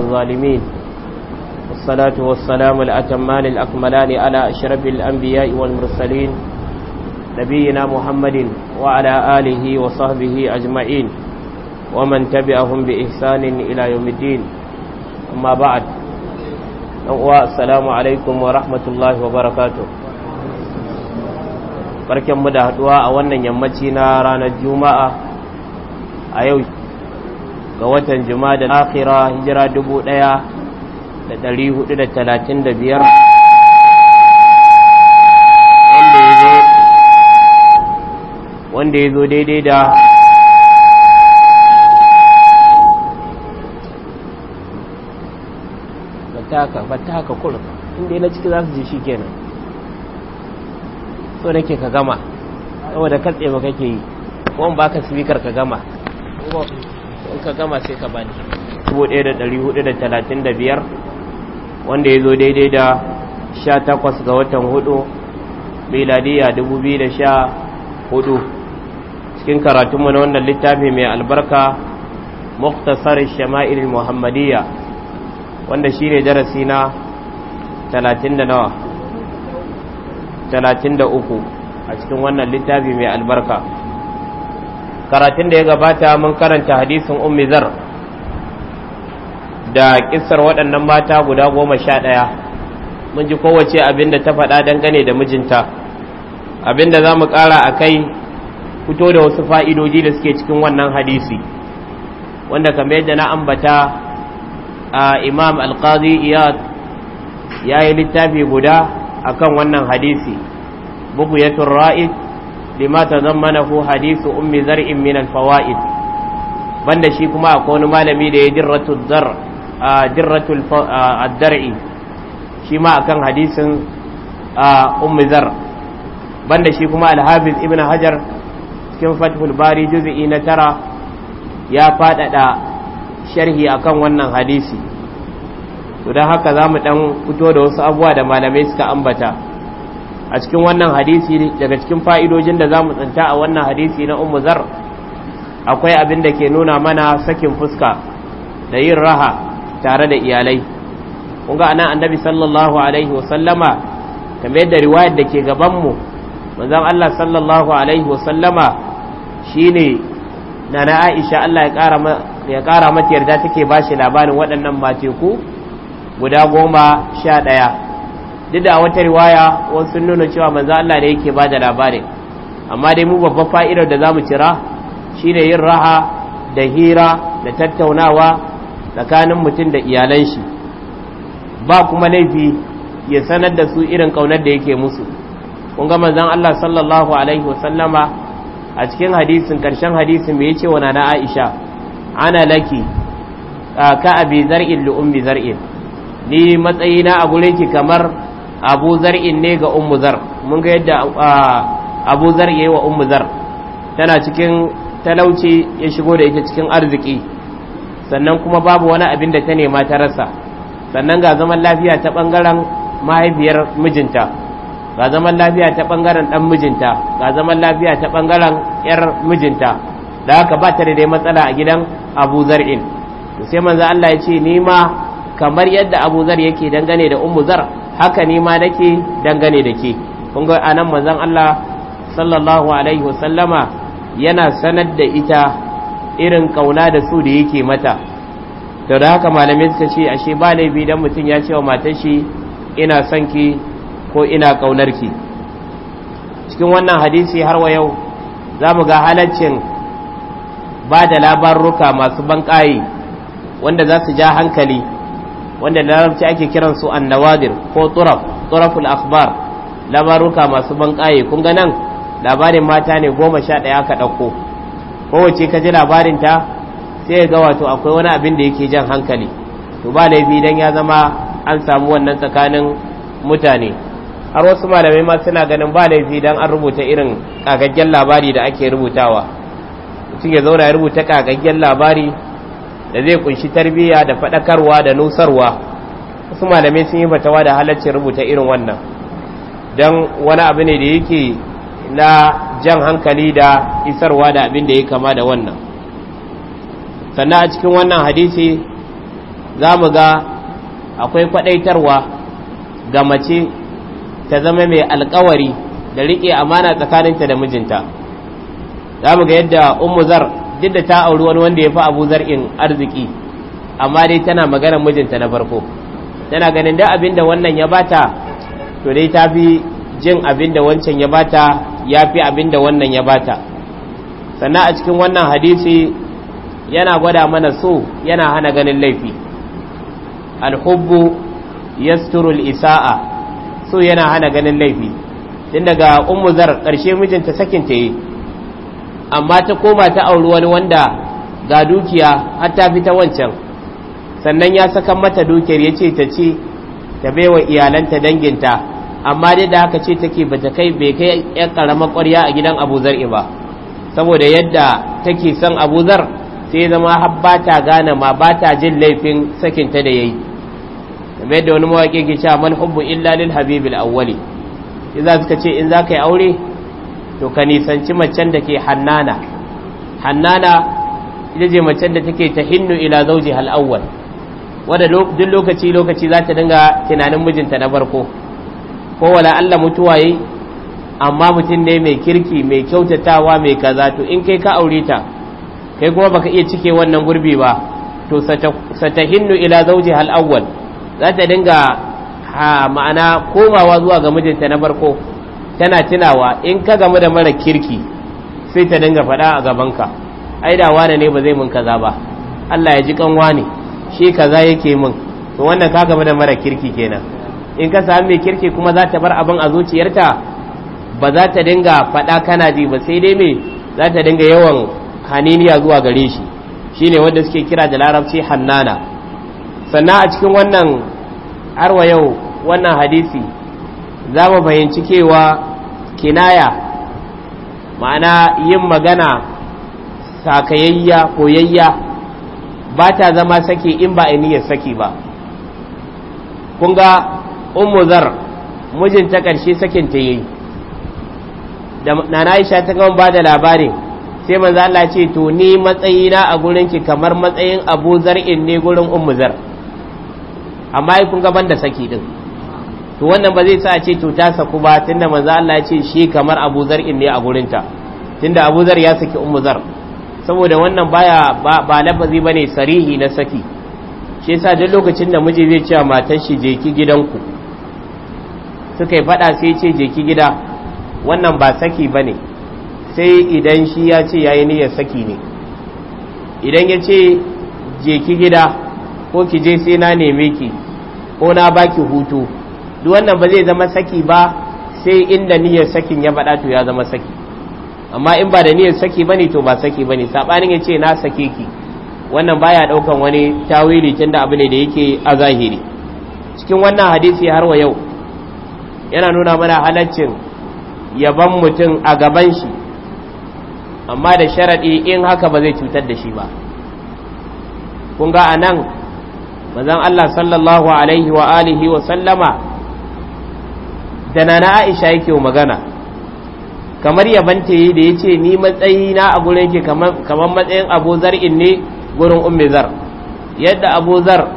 الظالمين والصلاة والسلام الأتمان الأكملان على أشرف الأنبياء والمرسلين نبينا محمد وعلى آله وصحبه أجمعين ومن تبعهم بإحسان إلى يوم الدين أما بعد السلام عليكم ورحمة الله وبركاته barkanmu da haduwa a wannan yammaci na ranar juma'a a yau ga watan jima'a akhira hijira dubu daya da dari hudu da talatin da biyar wanda ya zo daidai da fataka fataka inda yana ciki za su ji shi kenan so nake ka gama saboda katse ba kake yi wani ba ka sifikar ka gama in ka gama sai ka bani 1435 wanda ya zo daidai da 18 ga watan 4 miladiya 2014 cikin karatunmu na wannan littafi mai albarka muktasar shama'il muhammadiyya wanda shi ne darasi na 33 a cikin wannan littafi mai albarka karatun da ya gabata mun karanta hadisin ummi zar da kissar waɗannan mata guda goma sha ɗaya mun ji kowace abin da ta faɗa dangane da mijinta abin da za mu ƙara a kai fito da wasu fa'idoji da suke cikin wannan hadisi wanda kamar yadda na ambata a imam alƙazi iyad ya yi littafi guda a kan wannan hadisi bugu ya turra'i lima tazammalahu hadithu ummi zar'in min alfawaid banda shi kuma akwai wani malami da ya dirratul zar dirratul ad-dar'i shi ma akan hadisin ummi zar banda shi kuma alhabis ibn hajar cikin fathul bari juz'i na tara ya fadada sharhi akan wannan hadisi to don haka za mu dan fito da wasu abubuwa da malamai suka ambata a cikin wannan hadisi daga cikin fa'idojin da za mu tsinta a wannan hadisi na umu zar akwai abin da ke nuna mana sakin fuska da yin raha tare da iyalai kunga ana annabi sallallahu alaihi wasallama kamar yadda riwayar da ke gabanmu manzan allah sallallahu alaihi wasallama shi ne na na aisha allah ya ƙara mata yarda take ba shi labarin waɗannan mateku guda goma sha ɗaya duk da wata riwaya wasu nuna cewa manzo Allah ne yake ba da labarin amma dai mu babban fa'idar da zamu cira shine yin raha da hira da tattaunawa tsakanin mutum da iyalan shi ba kuma laifi ya sanar da su irin kaunar da yake musu kun ga manzon Allah sallallahu alaihi wasallama a cikin hadisin karshen hadisin me yace wa nana Aisha ana laki ka abi zar'in li ummi zar'in ni matsayina a gurin kamar abu zar'in ne ga ummu zar mun ga yadda abu zar yayi wa ummu zar tana cikin talauci ya shigo da ita cikin arziki sannan kuma babu wani abin da ta nema ta rasa sannan ga zaman lafiya ta bangaren mahaifiyar mijinta ga zaman lafiya ta bangaren dan mijinta ga zaman lafiya ta bangaren yar mijinta da haka ba ta da matsala a gidan abu zar'in sai manzo Allah ya ce ni ma kamar yadda abu zar yake dangane da ummu zar haka ne ma nake dangane da ke kun ga anan manzon Allah sallallahu alaihi wasallama yana sanar da ita irin kauna da su da yake mata da da haka malamai suka ce ashe ba bi dan mutum ya ce wa matar shi ina son ki ko ina kaunar ki cikin wannan hadisi har wa yau za mu ga halaccin ba da labaruka masu banƙaye wanda za su ja hankali wanda larabci ake kiran su annawadir ko turaf turaful akhbar labaruka masu kaye kun ga nan labarin mata ne goma sha ɗaya aka ɗauko kowace ka ji labarin ta sai ga wato akwai wani abin da yake jan hankali to ba laifi dan ya zama an samu wannan tsakanin mutane har wasu malamai ma suna ganin ba laifi dan an rubuta irin kagaggen labari da ake rubutawa mutum ya zauna ya rubuta kagaggen labari da zai kunshi tarbiyya da faɗakarwa da nusarwa su malamai sun yi fatawa da halaccin rubuta irin wannan don wani abu ne da yake na jan hankali da isarwa da abin da ya kama da wannan sannan a cikin wannan hadisi za mu ga akwai kwadaitarwa ga mace ta zama mai alkawari da riƙe amana tsakaninta da mijinta za mu ga yadda zar. duk da ta auri wani wanda ya fi abu zar'in arziki amma dai tana maganar mijinta na farko tana ganin da abinda da wannan ya bata to dai ta fi jin abinda wancan ya bata ya fi abin wannan ya bata sannan a cikin wannan hadisi yana gwada mana so yana hana ganin laifi alhubbu yasturul isa'a so yana hana ganin laifi tun daga ummu zar ƙarshe mijinta sakin ta yi amma ta koma ta auri wani wanda ga dukiya har ta fi ta wancan sannan ya saka mata dukiyar ya ce ta ce ta baiwa iyalanta danginta amma dai da haka ce take ba ta kai bai kai yan karamar kwarya a gidan abu zar'i ba saboda yadda take son abu zar sai zama har ba ta gane ma ba ta jin laifin sakinta da ya yayi kamar da wani mawaƙi ke cewa man hubbu illa lil habibil awwali idan suka ce in za ka yi aure to ka nisanci macen da ke hannana hannana ita je macen da take ta hinnu ila zauji hal'awwal wadda duk lokaci lokaci za ta dinga tunanin mijinta na farko ko wala allah mutuwa yi amma mutum ne mai kirki mai kyautatawa mai kaza to in kai ka aure ta kai kuma baka iya cike wannan gurbi ba to hinnu ila zauji hal'awwal za ta dinga ma'ana komawa zuwa ga mijinta na farko tana tunawa in ka gamu da mara kirki sai ta dinga faɗa a gabanka ai da wane ne ba zai mun kaza ba Allah ya ji kanwa ne shi kaza yake mun to wannan ka gamu da mara kirki kenan in ka sami mai kirki kuma za ta bar abin a zuciyarta ba za ta dinga faɗa kana ji ba sai dai me za ta dinga yawan haniniya zuwa gare shi shine wanda suke kira da larabci hannana sannan a cikin wannan arwa yau wannan hadisi za mu fahimci cewa kinaya ma'ana yin magana sakayayya koyayya ba ta zama saki in ba niyyar saki ba kun ga umuzar mijinta ƙarshe sakin ta yi da nana aisha ta gama ba da labarin sai manzo Allah ce to ni matsayina a gurin ki kamar matsayin Abu Zar'in ne gurin umuzar. Zar amma ai kun ga banda saki din to wannan ba zai sa ce to ta saku ba tunda manzo Allah ya ce shi kamar Abu Zar ne a ta tunda Abu Zar ya saki Ummu Zar saboda wannan baya ba lafazi bane sarihi na saki shi yasa duk lokacin da miji zai ce wa matar shi je ki gidanku suka yi fada sai ce je ki gida wannan ba saki bane sai idan shi ya ce yayi niyyar saki ne idan ya ce je ki gida ko ki je sai na neme ki ko na baki hutu duk wannan ba zai zama saki ba sai inda niyyar sakin ya baɗa to ya zama saki amma in ba da niyyar saki bane to ba saki bane sabanin ya ce na sake ki wannan baya daukan wani tawili tunda abu ne da yake a zahiri cikin wannan hadisi har wa yau yana nuna mana halaccin yaban mutum a gaban shi amma da sharaɗi in haka ba zai cutar da shi ba kun ga anan manzon Allah sallallahu alaihi wa alihi wa sallama da nana aisha yake magana kamar yabanta yi da ya ce ni matsayi na a gurin ke kamar matsayin abu in ne gurin Umizar. zar yadda abu zar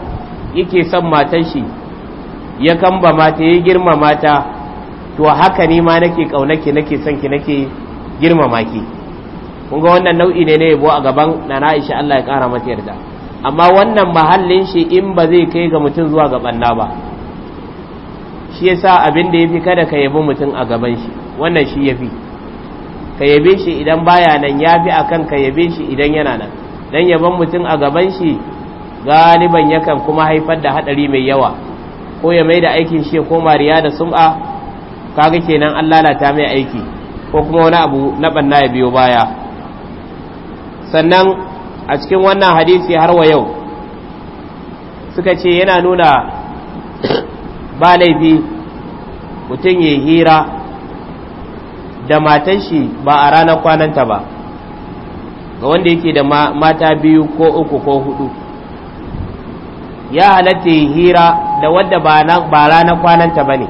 yake son matan shi ya kamba mata ya girma mata to haka ne ma nake kaunake nake son ki nake girmama ki kun ga wannan nau'i ne ne yabo a gaban nana aisha Allah ya kara mata yarda amma wannan mahallin shi in ba zai kai ga mutum zuwa ga banna ba shi ya sa abin da ya fi kada ka yabi mutum a gaban shi wannan shi ya fi ka yabe shi idan baya nan ya yafi akan ka yabe shi idan yana nan dan yaban mutum a gaban shi galiban yakan kuma haifar da hadari mai yawa ko ya mai da aikin shi ko mariya da sum'a kaga kenan an lalata mai aiki ko kuma wani abu na banna ya biyo baya sannan a cikin wannan hadisi har wa yau suka ce yana nuna ba laifi mutum ya hira da matan shi ba a ranar kwananta ba ga wanda yake da mata biyu ko uku ko hudu ya halatta ya hira da wadda ba ranar kwananta ba ne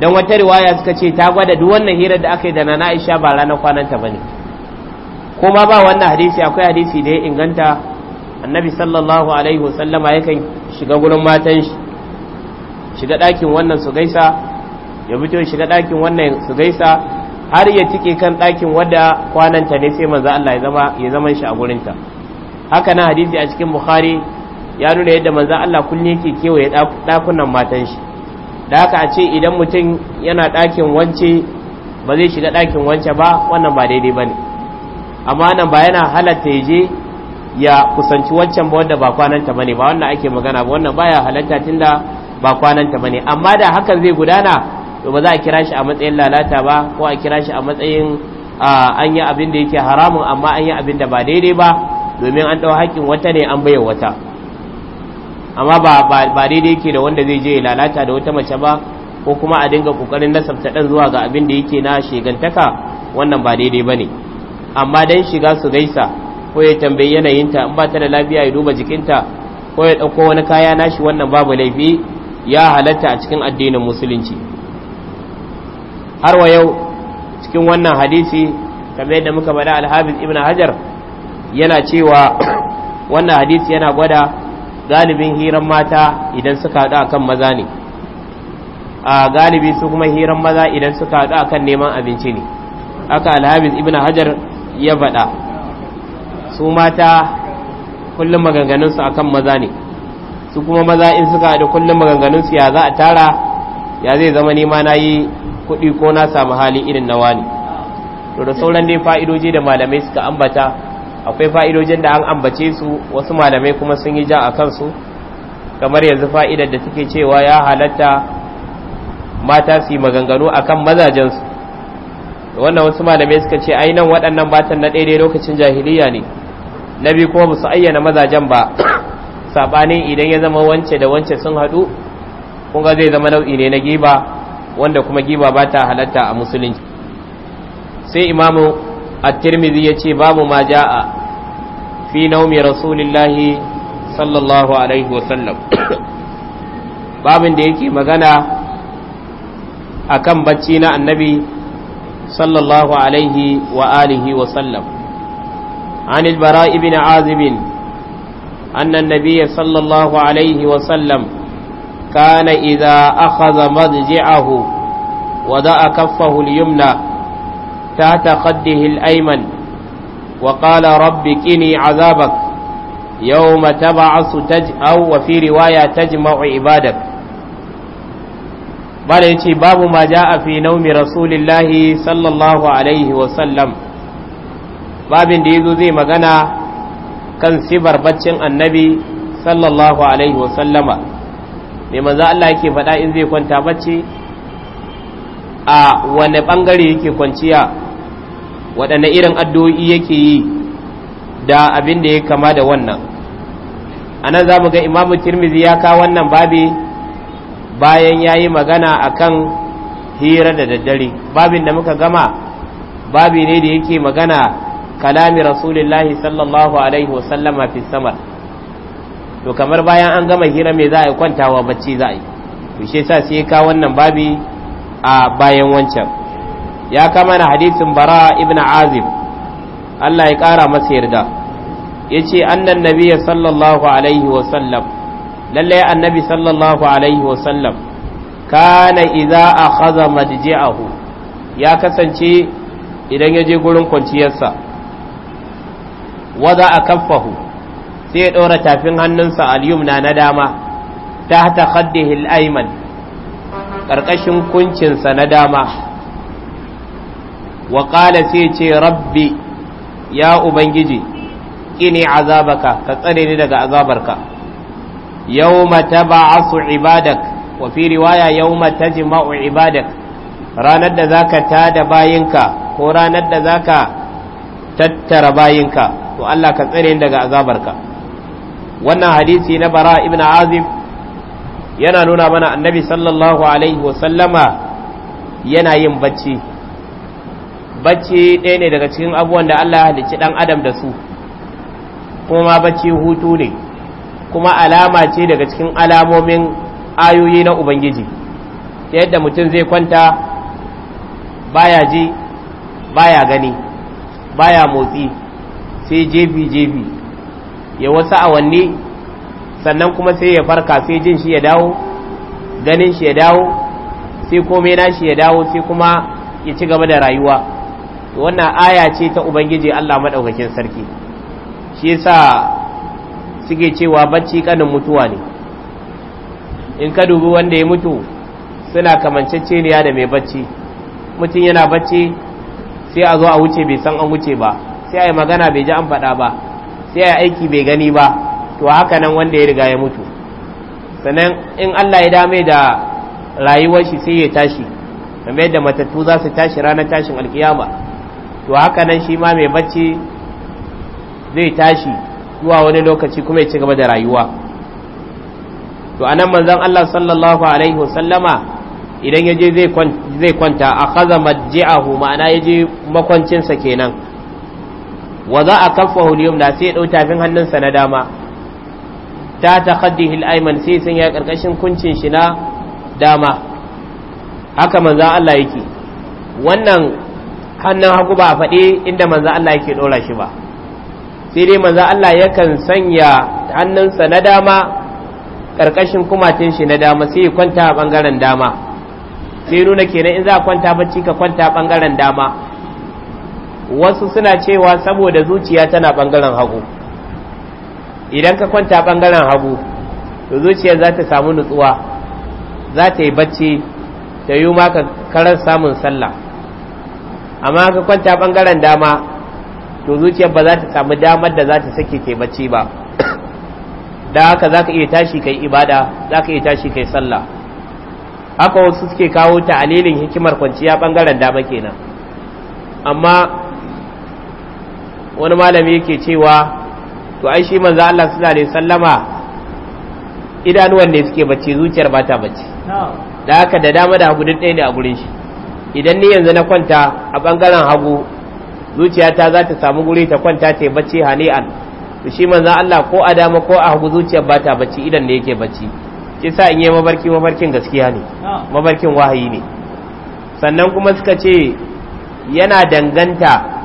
don wata riwaya suka ce ta gwada duk wannan hirar da aka yi da na aisha ba ranar kwananta ba ne kuma ba wannan hadisi akwai hadisi da ya inganta annabi sallallahu alaihi wasallama yakan shiga gurin matan shi shiga ɗakin wannan su gaisa ya fito shiga ɗakin wannan su gaisa har ya tike kan ɗakin wadda kwananta ne sai manzo Allah ya zama ya zama shi a gurinta haka na hadisi a cikin bukhari ya nuna yadda manzo Allah kullu yake ya ɗakunan matan shi da haka a ce idan mutum yana ɗakin wance ba zai shiga ɗakin wance ba wannan ba daidai ba amma nan ba yana halatta ya je ya kusanci wancan ba wanda ba kwananta ba ne ba wannan ake magana ba wannan baya halatta tunda ba kwananta ba ne amma da hakan zai gudana to ba za a kira shi a matsayin lalata ba ko a kira shi a matsayin an yi abin da yake haramun amma an yi abin da ba daidai ba domin an ɗau haƙƙin wata ne an bayar wata amma ba daidai yake da wanda zai je ya lalata da wata mace ba ko kuma a dinga kokarin nasabta ɗan zuwa ga abin da yake na shegantaka wannan ba daidai ba ne amma dan shiga su gaisa ko ya tambayi yanayinta in ba ta da lafiya ya duba jikinta ko ya ɗauko wani kaya nashi wannan babu laifi ya halatta a cikin addinin musulunci har wa yau cikin wannan hadisi kamar yadda muka bada alhabis ibn hajar yana cewa wannan hadisi yana gwada galibin hiran mata idan suka haɗu akan maza ne a galibi su kuma hiran maza idan suka haɗu akan neman abinci ne aka alhabis ibn hajar ya faɗa su mata kullum maganganunsu akan akan maza ne su kuma maza in suka haɗu kullum maganganun su ya za a tara ya zai zama nema na yi kuɗi ko na samu hali irin nawa ne. to da sauran dai fa'idoji da malamai suka ambata akwai fa'idojin da an ambace su wasu malamai kuma sun yi ja a kansu kamar yanzu fa'idar da take cewa ya halatta mata su yi maganganu a kan mazajensu wannan wasu malamai suka ce ai nan waɗannan batan na daidai lokacin jahiliya ne na biyu kuma ba su ayyana mazajen ba sabanin idan ya zama wance da wance sun hadu kun zai zama nau'i ne na giba wanda kuma giba ba ta halatta a musulunci sai imamu at-tirmidhi ya ce babu ma ja'a fi naumi rasulillahi sallallahu alaihi wasallam babin da yake magana akan bacci na annabi sallallahu alaihi wa alihi wasallam عن البراء بن عازب أن النبي صلى الله عليه وسلم كان إذا أخذ مضجعه وضع كفه اليمنى تحت خده الأيمن وقال رب كني عذابك يوم تبعث تجأو وفي رواية تجمع عبادك bada ya ce babu ma ja a fi naumi rasulillahi sallallahu alaihi wasallam babin da ya zo zai magana kan sibar baccin annabi sallallahu alaihi wasallama mai manzo Allah yake faɗa in zai kwanta bacci a wane ɓangare yake kwanciya waɗanne irin addu'o'i yake yi da abin da ya kama da wannan a nan za mu ga imamu tirmizi ya ka wannan babi bayan ya yi magana akan hira da daddare babin da muka gama babi ne da yake magana kalami rasulillahi sallallahu alaihi wasallam fi samar to kamar bayan an gama hira me za a yi kwantawa bacci za a yi to shi yasa sai ka wannan babi a bayan wancan ya kama na hadisin bara ibn azib Allah ya kara masa yarda yace annan nabiyyi sallallahu alaihi wasallam lalle annabi sallallahu alaihi wasallam kana idza akhadha madji'ahu ya kasance idan ya je gurin kwanciyarsa Waza a kaffahu sai ya ɗora tafin hannunsa al-yumna na dama ta ta khaddihi al-ayman ƙarƙashin kuncinsa na dama wa qala sai ce rabbi ya ubangiji ƙini azabaka ka tsare ni daga azabarka yawma tab'asu ibadak wa fi riwaya mata tajma'u ibadak ranar da zaka tada bayinka ko ranar da zaka tattara bayinka to Allah ka tsare daga azabarka wannan hadisi na bara ibn azim yana nuna mana annabi sallallahu alaihi wasallama yana yin bacci bacci ɗaya ne daga cikin abubuwan da Allah ya halicci dan adam da su kuma bacci hutu ne kuma alama ce daga cikin alamomin ayoyi na ubangiji yadda mutum zai kwanta baya ji baya gani baya motsi sai jefi jefi ya wasu awanni sannan kuma sai ya farka sai jin shi ya dawo ganin shi ya dawo sai komai na shi ya dawo sai kuma ya ci gaba da rayuwa wannan aya ce ta ubangiji Allah maɗaukakin sarki shi sa suke cewa bacci kanin mutuwa ne in ka dubi wanda ya mutu suna kamanceceniya da mai bacci mutum yana bacci sai a zo a wuce bai san an wuce ba sai ya magana bai ji an faɗa ba sai ya aiki bai gani ba to haka nan wanda ya riga ya mutu sannan in Allah ya dame da rayuwar shi sai ya tashi kamar yadda matattu za su tashi ranar tashin alkiyama to haka nan shi ma mai bacci zai tashi zuwa wani lokaci kuma ya ci gaba da rayuwa to anan manzon Allah sallallahu alaihi wasallama idan ya zai kwanta a kaza maji'ahu ma'ana ya je makwancinsa kenan wa za a kafa al da sai ya dau tafin hannunsa na dama ta ta haddi hil'aiman sai sun ya ƙarƙashin kuncin shi na dama haka manzan Allah yake wannan hannun haku ba a faɗi inda manzan Allah yake ɗora shi ba sai dai manzan Allah yakan sanya hannunsa na dama ƙarƙashin kumatin shi na dama sai kwanta a ɓangaren dama sai nuna kenan in za a kwanta bacci ka kwanta a ɓangaren dama wasu suna cewa saboda zuciya tana bangaren hagu idan ka kwanta bangaren hagu to zuciya za ta samu nutsuwa za ta yi bacci ta yi maka karar samun sallah amma ka kwanta bangaren dama to zuciyar ba za ta samu damar da za ta sake ke bacci ba da haka za ka iya tashi kai ibada za ka iya tashi kai sallah haka wasu suke kawo ta alilin hikimar kwanciya bangaren dama kenan amma wani malami yake cewa to ai shi manzo Allah sallallahu alaihi sallama idanuwan ne suke bacci zuciyar ba ta bacci da haka da dama da hagu ɗaya ne a gurin shi idan ni yanzu na kwanta a bangaren hagu zuciyata za ta samu guri ta kwanta ta bacci hani'an to shi manzo Allah ko a dama ko a hagu zuciyar ba ta bacci idan ne yake bacci kisa in yi mabarki mabarkin gaskiya ne mabarkin wahayi ne sannan kuma suka ce yana danganta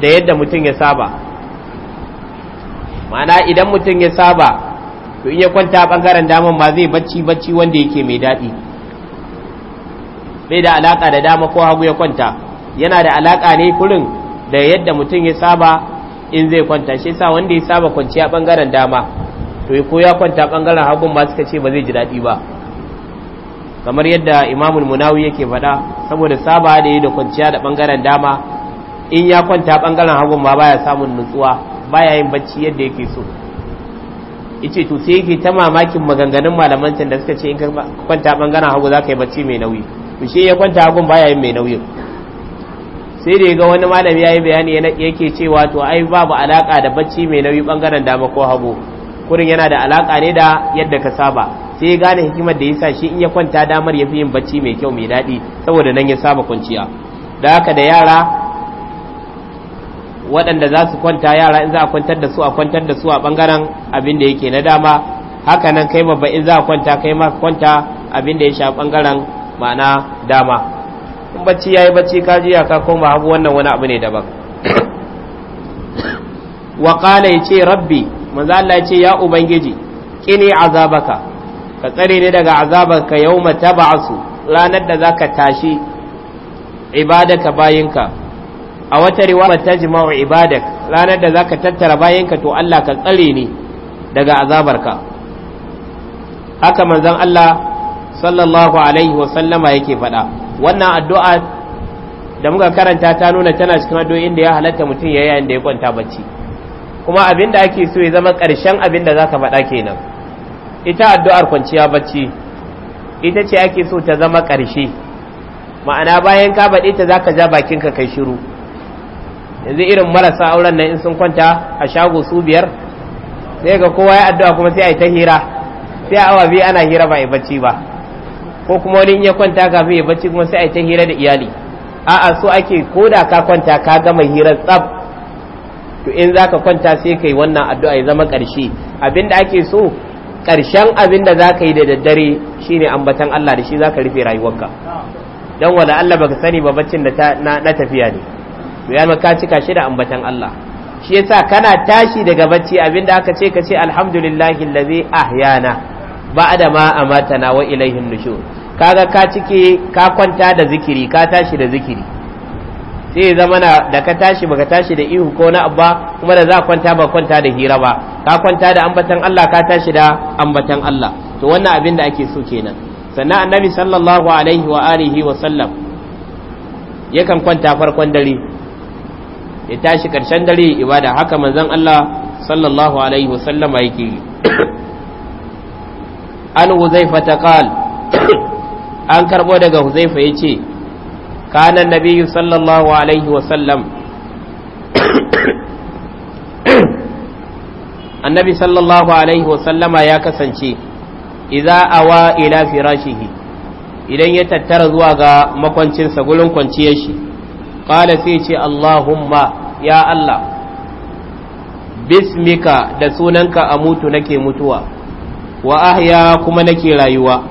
da yadda mutum ya saba mana idan mutum ya saba to in ya kwanta bangaren daman ba zai bacci bacci wanda yake mai daɗi bai da alaka da dama ko hagu ya kwanta yana da alaka ne kurin da yadda mutum ya saba in zai kwanta shi sa wanda ya saba kwanciya bangaren dama to ko ya kwanta bangaren hagun ba suka ce ba zai ji daɗi ba kamar yadda imamul munawi yake faɗa saboda saba da yi da kwanciya da bangaren dama in ya kwanta bangaren hagun ma baya samun nutsuwa baya yin bacci yadda yake so yace to sai yake ta mamakin maganganun malaman can da suka ce in ka kwanta bangaren hagu zaka yi bacci mai nauyi to shi ya kwanta hagun baya yin mai nauyi sai da ga wani malami yayi bayani yake cewa to ai babu alaka da bacci mai nauyi bangaren dama ko hagu kurin yana da alaka ne da yadda ka saba sai gane hikimar da yasa shi in ya kwanta damar yafi yin bacci mai kyau mai daɗi saboda nan ya saba kwanciya da haka da yara waɗanda za su kwanta yara in za a kwantar da su a kwantar da su a ɓangaren abin da yake na dama haka nan kai babba in za a kwanta kai ma kwanta abin da ya sha ɓangaren ma'ana dama in bacci ya yi bacci ka ji ka koma abu wannan wani abu ne daban wa qala ce rabbi manzo Allah ce ya ubangiji kini azabaka ka tsare ni daga azabarka ba su ranar da za ka tashi ibadaka bayinka a wata riwaya jima'u ibadak ranar da zaka tattara bayanka to Allah ka tsare ni daga azabarka haka manzon Allah sallallahu alaihi wa sallama yake faɗa wannan addu'a da muka karanta ta nuna tana cikin addu'o'in da ya halatta mutum yayin da ya kwanta bacci kuma abin da ake so ya zama ƙarshen abin da zaka faɗa kenan ita addu'ar kwanciya bacci ita ce ake so ta zama karshe ma'ana bayan ka baɗe ta zaka ja bakinka kai shiru yanzu irin marasa auren nan in sun kwanta a shago su biyar sai ga kowa ya addu'a kuma sai a yi ta hira sai awa biyu ana hira ba a yi bacci ba ko kuma wani ya kwanta kafin ya bacci kuma sai a yi ta hira da iyali a'a so ake ko da ka kwanta ka gama hira tsab to in za ka kwanta sai ka yi wannan addu'a ya zama ƙarshe abin da ake so ƙarshen abin da za ka yi da daddare shine ambatan Allah da shi za ka rufe rayuwarka don wala Allah baka sani ba baccin da na tafiya ne to ya maka cika shi da ambatan Allah shi yasa kana tashi daga bacci abinda aka ce ka ce alhamdulillahi allazi ahyana ba'da ma amatana wa ilaihin nushur kaga ka cike ka kwanta da zikiri ka tashi da zikiri sai zama na da ka tashi baka tashi da ihu ko na abba kuma da za kwanta ba kwanta da hira ba ka kwanta da ambatan Allah ka tashi da ambatan Allah to wannan abin da ake so kenan sannan annabi sallallahu alaihi wa alihi wa sallam yakan kwanta farkon dare ya tashi karshen dare ibada haka manzon Allah sallallahu alaihi wasallam yake an huzaifa ta qal an karbo daga huzaifa yace kana nabiyyu sallallahu alaihi wasallam annabi sallallahu alaihi wasallam ya kasance idza awa ila firashihi idan ya tattara zuwa ga makwancinsa gurin kwanciyar shi qala sai ce allahumma ya allah bismika da sunanka a mutu nake mutuwa wa ahya kuma nake rayuwa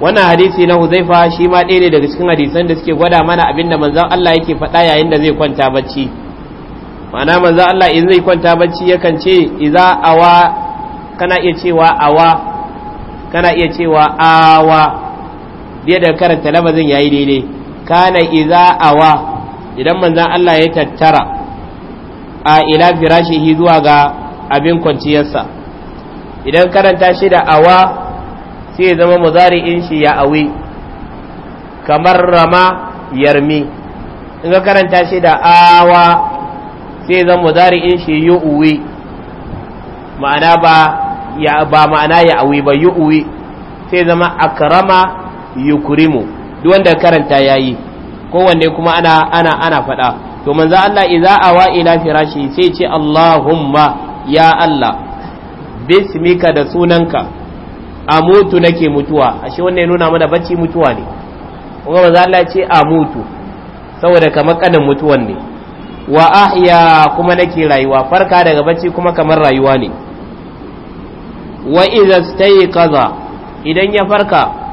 wannan hadisi na huzaifa shi ma ɗaya ne daga cikin hadisan da suke gwada mana abinda manzan Allah yake faɗa yayin da zai kwanta bacci ma'ana manzan Allah in zai kwanta bacci yakan ce iza awa kana iya cewa awa kana iya cewa awa biya da karanta labazin yayi daidai kana iza awa idan manzan Allah ya tattara a ila firashihi zuwa ga abin kwanciyarsa idan karanta shi da awa sai zama in shi ya awi kamar rama yarmi in ka karanta shi da awa sai zama in shi yi uwi ma'ana ba ya ba ma'ana ya awi ba yi uwi sai zama akrama yukrimu duk wanda karanta yayi kowanne kuma ana ana ana faɗa to manzo Allah idza awa ila firashi sai ce Allahumma ya Allah bismika da sunanka amutu nake mutuwa ashe wannan ya nuna mana bacci mutuwa ne kuma manzo Allah ce amutu saboda kamar kanin mutuwan ne wa ahya kuma nake rayuwa farka daga bacci kuma kamar rayuwa ne wa idza stayqaza idan ya farka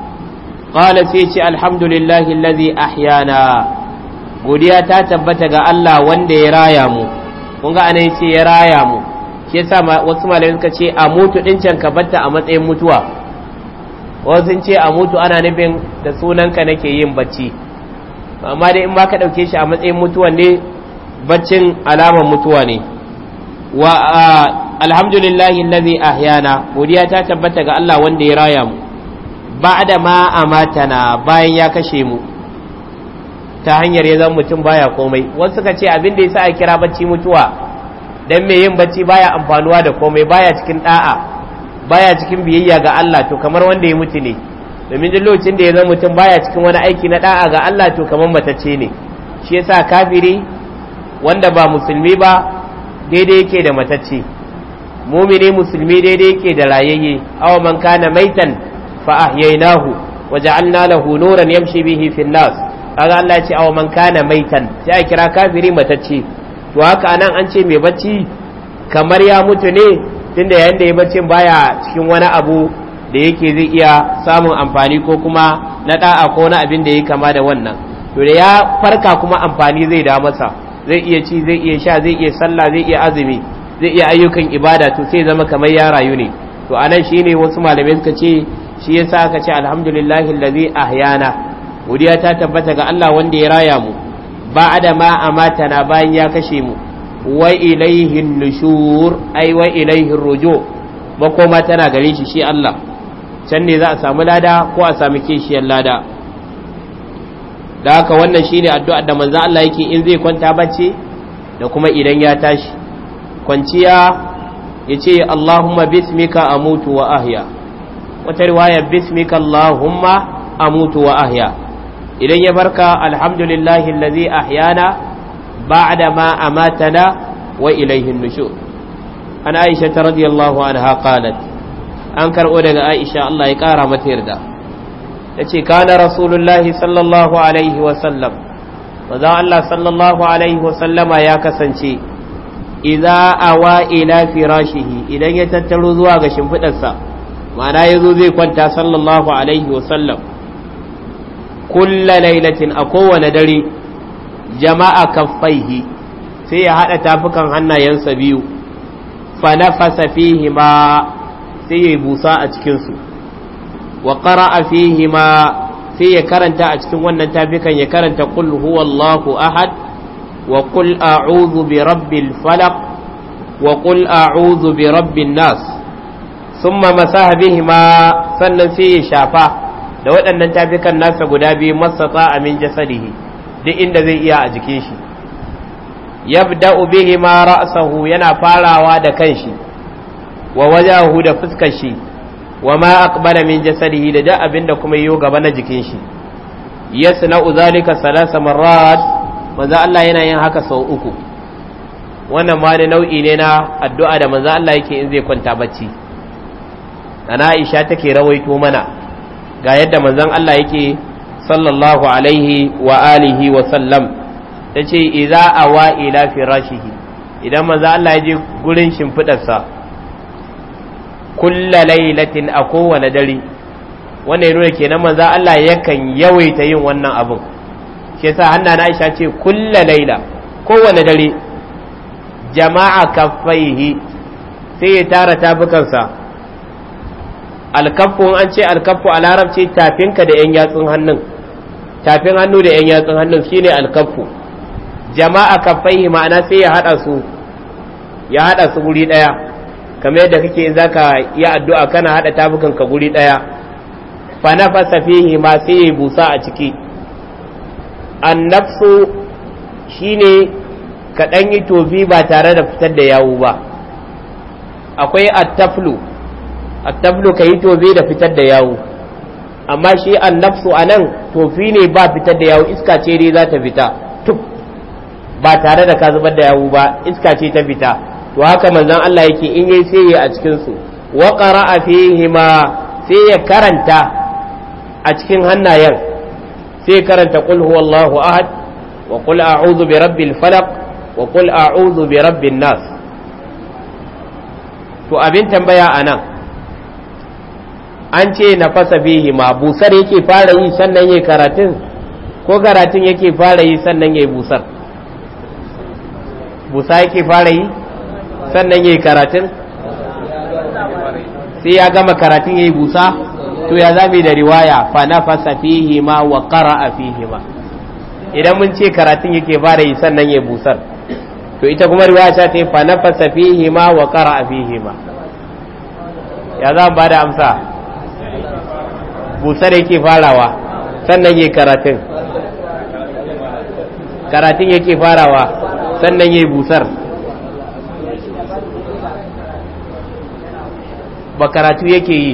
qala sai ce alhamdulillahi allazi ahyana godiya ta tabbata ga Allah wanda ya raya mu kun ga anan ce ya raya mu shi yasa wasu malamai suka ce a mutu din can ka batta a matsayin mutuwa wasu sun ce a mutu ana nufin da sunanka nake yin bacci amma dai in ba ka ɗauke shi a matsayin mutuwa ne baccin alamar mutuwa ne wa alhamdulillahi allazi ahyana godiya ta tabbata ga Allah wanda ya raya mu da ma matana bayan ya kashe mu ta hanyar ya zama mutum baya komai wasu suka ce abin da ya sa a kira bacci mutuwa don mai yin bacci baya amfanuwa da komai baya cikin da'a baya cikin biyayya ga Allah to kamar wanda ya mutu ne domin duk lokacin da ya zama mutum baya cikin wani aiki na da'a ga Allah to kamar matacce ne shi yasa kafiri wanda ba musulmi ba daidai yake da matacce mumini musulmi daidai yake da rayayye awa man kana maitan fa وجعلنا له نورا يمشي به في الناس kaga Allah ya ce aw man kana maitan sai a kira kafiri matacce to haka anan an ce mai bacci kamar ya mutu ne tunda yayin da ya bacci baya cikin wani abu da yake zai iya samun amfani ko kuma na da'a ko na abin da yake kama da wannan to da ya farka kuma amfani zai da masa zai iya ci zai iya sha zai iya sallah zai iya azumi zai iya ayyukan ibada to sai zama kamar ya rayu ne to anan shine wasu malamai suka ce shi yasa aka ce alhamdulillahi ahya na. godiya ta tabbata ga Allah wanda ya raya mu ba adama amatana bayan ya kashe mu Wai ilaihin nushur ai wa ilaihi rujo makoma tana gare shi shi Allah can ne za a samu lada ko a samu kishiyar lada da haka wannan shine addu'ar da manzan Allah yake in zai kwanta bacci da kuma idan ya tashi kwanciya ya ce allahumma bismika mutu wa ahya wata riwaya bismika Allahumma amutu wa ahya idan ya barka alhamdulillahi allazi ahyana ba'da ma amatana wa ilayhi an-nushur an Aisha ta radiyallahu anha qalat an karbo daga Aisha Allah ya kara mata yarda tace kana rasulullahi sallallahu alaihi wa sallam manzo Allah sallallahu alaihi wa sallama ya kasance idza awa ila firashihi idan ya tattaro zuwa ga shimfidarsa mana ya zo zai kwanta sallallahu alaihi wasallam kulla lailatin a kowane dare jama'a kaffaihi sai ya haɗa tafukan hannayensa biyu fanafasa fihi ma sai ya busa a cikinsu wa ƙara'a fihi ma sai ya karanta a cikin wannan tafukan ya karanta kul huwallahu ahad wa kul a'udhu bi rabbil falaq wa kul a'udhu bi rabbin nas summa masaha ma sannan sai ya shafa da waɗannan tafikan nasa guda biyu masata amin jasadihi duk inda zai iya a jikin shi yabda'u ma ra'sahu yana farawa da kanshi wa wajahu da fuskar shi wa ma aqbala min jasadihi da da abinda kuma yiwo gaba na jikin shi yasna'u uzalika salasa marrat manzo Allah yana yin haka sau uku wannan ma da nau'i ne na addu'a da manzo Allah yake in zai kwanta bacci ana aisha take rawaito mana ga yadda manzon Allah yake sallallahu alaihi wa alihi wa sallam tace idza awa ila firashihi idan manzon Allah ya je gurin shimfidarsa kulla lailatin a kowane dare wannan yana kenan manzon Allah yakan yawaita yin wannan abin shi yasa hanna na Aisha ce kulla laila kowane dare jama'a kaffaihi sai ya tara tafukansa alkaffu an ce alkaffu a larabci tafinka da yan yatsun hannun tafin hannu da yan yatsun hannun shine alkaffu jama'a kaffaihi ma'ana sai ya hada su ya hada su guri daya kamar yadda kake zaka yi addu'a kana hada tafukan ka guri daya fa nafasa fihi ma sai ya busa a ciki annafsu shine ka dan yi tofi ba tare da fitar da yawo ba akwai attaflu attablu ka yi tobe da fitar da yawo amma shi an nafsu a nan tofi ne ba fitar da yawo iska ce dai za ta fita tuk ba tare da ka zubar da yawo ba iska ce ta fita to haka manzon Allah yake in yayi sai ya a cikin su wa qara'a ma sai ya karanta a cikin hannayen sai karanta qul huwallahu ahad wa qul a'udhu bi rabbil falaq wa qul a'udhu bi rabbin nas to abin tambaya anan an ce na fasa bihi ma busar yake fara yi sannan yi karatun ko karatun yake fara yi sannan yi busar busa yake fara yi sannan yi karatun sai ya gama karatun yi busa to ya zami da riwaya fa na fasa fihi ma wa a fihi ma idan mun ce karatun yake fara yi sannan yi busar to ita kuma riwaya ta ce fa na fasa fihi ma wa a fihi ma ya mu ba da amsa busar yake farawa sannan yi karatun karatun yake farawa sannan yi busar ba karatu yake yi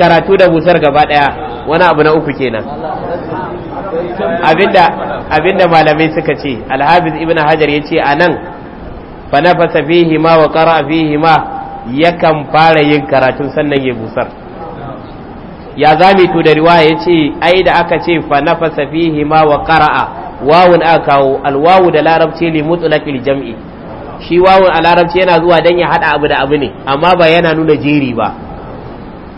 karatu da busar gaba daya wani abu na uku kenan abinda abinda malamai suka ce alhabis ibn hajar ya ce a nan fa nafasa fihima ma wa kara fihima ma yakan fara yin karatun sannan ya busar ya zame to da riwaya ya ce ai da aka ce fa nafasa fihi ma wa qara'a wawun aka kawo alwawu da larabci li mutlaqil jam'i shi wawun a larabci yana zuwa dan ya hada abu da abu ne amma ba yana nuna jeri ba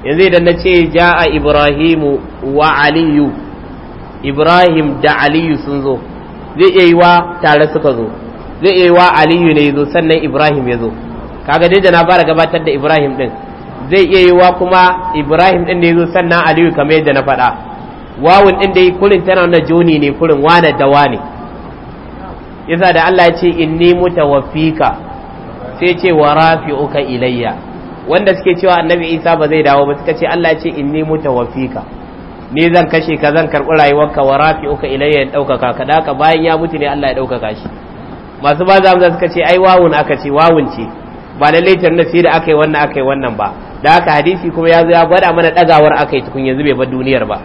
yanzu idan na ce ja'a ibrahimu wa aliyu ibrahim da aliyu sun zo zai iya yi wa tare suka zo zai iya yi wa aliyu ne ya zo sannan ibrahim ya zo kaga dai da na fara gabatar da ibrahim din zai iya yiwa kuma ibrahim din da ya zo sannan aliyu kamar yadda na faɗa wawun din da ya kurin tana na joni ne kurin wane da wane yasa da Allah ya ce muta wafika sai ce wa uka ilayya wanda suke cewa annabi isa ba zai dawo ba suka ce Allah ya ce muta wafika ni zan kashe ka zan karɓi rayuwarka wa rafi uka ilayya ya ɗaukaka ka daka bayan ya mutu ne Allah ya ɗaukaka shi masu ba za mu suka ce ai wawun aka ce wawun ce ba na tarnasi da aka yi wannan aka yi wannan ba da haka hadisi kuma ya zo ya gwada mana dagawar akai tukun yanzu bai bar duniyar ba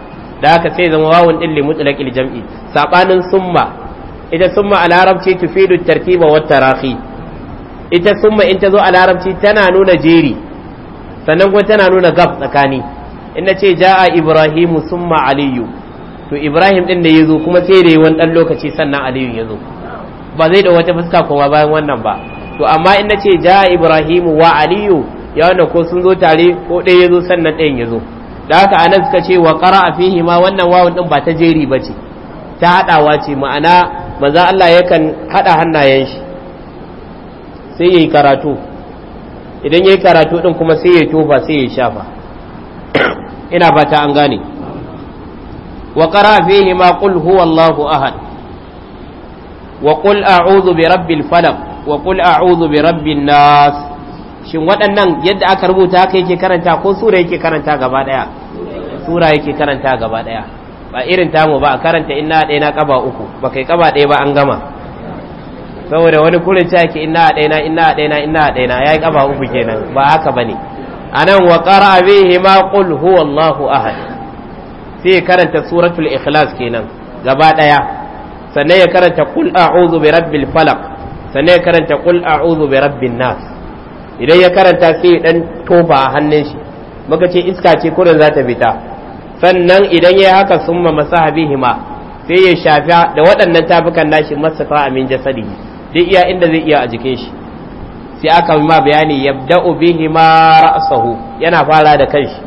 da haka sai zama wawun din li mutlaqil jam'i sabanin summa ita summa a larabci tufidu tartiba wa tarahi ita summa in ta zo a larabci tana nuna jeri sannan kuma tana nuna gab tsakani in na ce ja'a ibrahimu summa aliyu to ibrahim din da yazo kuma sai da wani dan lokaci sannan aliyu yazo ba zai da wata fuska kuma bayan wannan ba to amma in na ce ja'a ibrahimu wa aliyu ya wanda ko sun zo tare ko ɗaya ya zo sannan ɗayan ya zo da haka anan suka ce wa a fihi ma wannan wawan ɗin ba ta jeri ba ce ta haɗawa ce ma'ana maza Allah yakan haɗa hannayen shi sai yi karatu idan ya yi karatu ɗin kuma sai ya tofa sai ya shafa ina fata an gane wa a fihi ma qul huwallahu ahad wa qul a'udhu Rabbil falaq wa a'udhu nas shin waɗannan yadda aka rubuta haka yake karanta ko sura yake karanta gaba ɗaya sura yake karanta gaba ɗaya ba irin tamu ba a karanta inna ɗaya na ƙaba uku ba kai ƙaba ɗaya ba an gama saboda wani kurin cewa ke inna ɗaya na inna ɗaya na inna ɗaya na ya yi ƙaba uku kenan ba haka ba ne a nan wa ƙara bihi ma ƙul huwa allahu ahad sai karanta suratul ikhlas kenan gaba ɗaya sannan ya karanta ƙul a'udhu bi rabbil falaq sannan ya karanta ƙul a'udhu bi rabbin nas idan ya karanta sai dan tofa a hannun shi muka ce iska ce kurin za ta fita sannan idan ya haka summa masahabihima sai ya shafa da waɗannan tafukan nashi masafa amin jasadi duk iya inda zai iya a jikin shi sai aka ma bayani yabda'u bihima ra'sahu yana fara da kanshi